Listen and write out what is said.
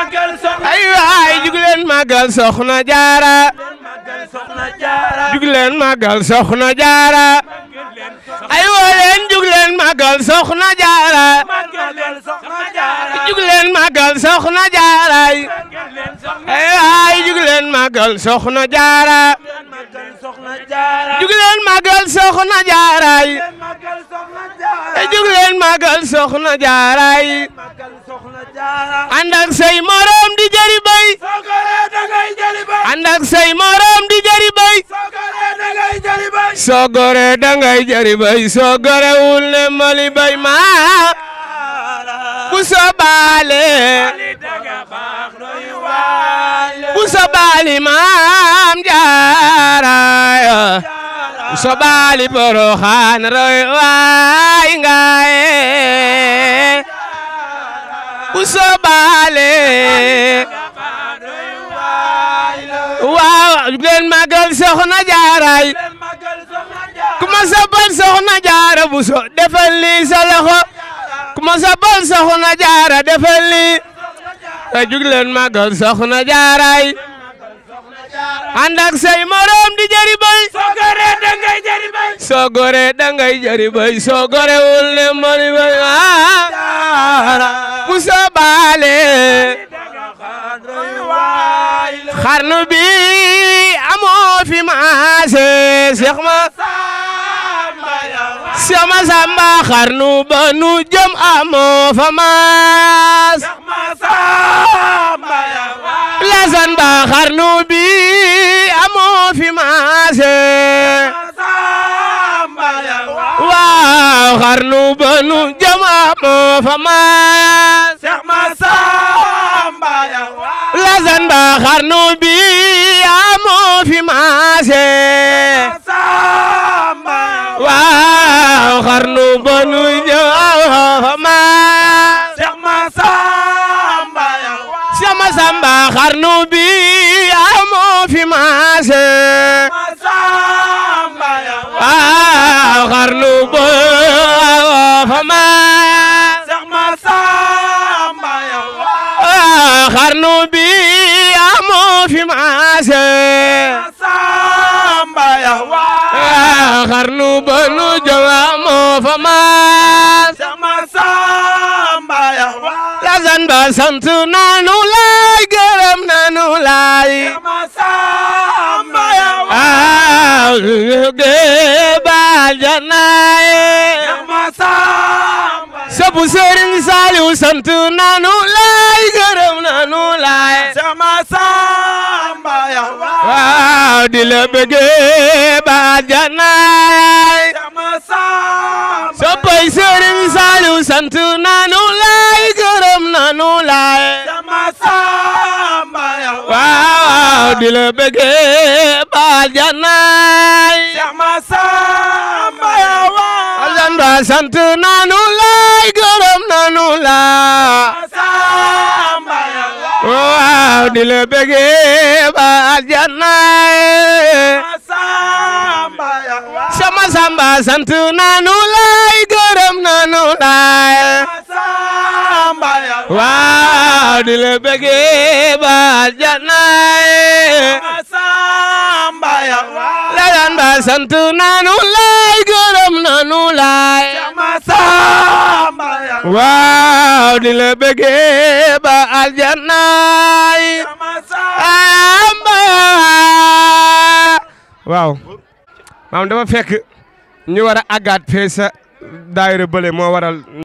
ay waay jug leen màggal soxna jaara jug leen màggal soxna jaara ay woo leen jug leen màggal soxna jaara jug leen màggal soxna jaara ay waay jug leen màggal soxna jaara jug leen magal soxna jaaraay te jug leen magal soxna jaaraay ànd ak say morom di jëri bay ànd ak di jëri bay dangay jëri bay soo ne mali maa bu soo baale bu soo baali maam jaaraay sobaali poroxaan roy waay ngaaye u sobaale waaw leen magal soxna jaaray ku ma sabal soxna jaara bu so defal lii sa loxo ku ma sabal soxna jaara defal lii a jug leen magal soxna jaaray ànd ak say morom di jëri soo goree dangay jari bay soo gorewul ne mani bay ah, ah, ah. mu soo baale xarnu bi amoo fi maase seex ma seex ma samba xarnu ba nu jëm amoo fa maas lasan ba xarnu bi xarnu banu jama moo fa maas Seex Masamba ya waa lasan ba xarnu bi yaa moo fi maase Masamba waaw xarnu banu jama moo fa maas Seex Masamba ya waa Seex Masamba xarnu bi xarnu bi amoo fi maase samba ya wa xarnu eh, ba nu jëm amoo fa maase ma samba ya wa la san ba sant nanu laay gërëm nanu laay ma samba ya wa ge ah, ba janaay ma samba sabu Serigne Saliou sant nanu laay laay sama samba ya waaw di la bëgge ba janaay sama samba soppay Serigne Saliou sant nanu laay gërëm nanu laay sama samba ya waaw di la bëgge ba janaay sama samba ya waaw sant nanu laay gërëm nanu laay waaw di la bëggee ba aljanna sama samba sant naanu lay gërëm naanu lay waaw di la bëggee ba aljanna la daan ba sant naanu lay gërëm naanu lay waaw di la bëggee aljanaay amba waaw maam dama fekk ñu war a àggaat fee sa daayira bële moo waral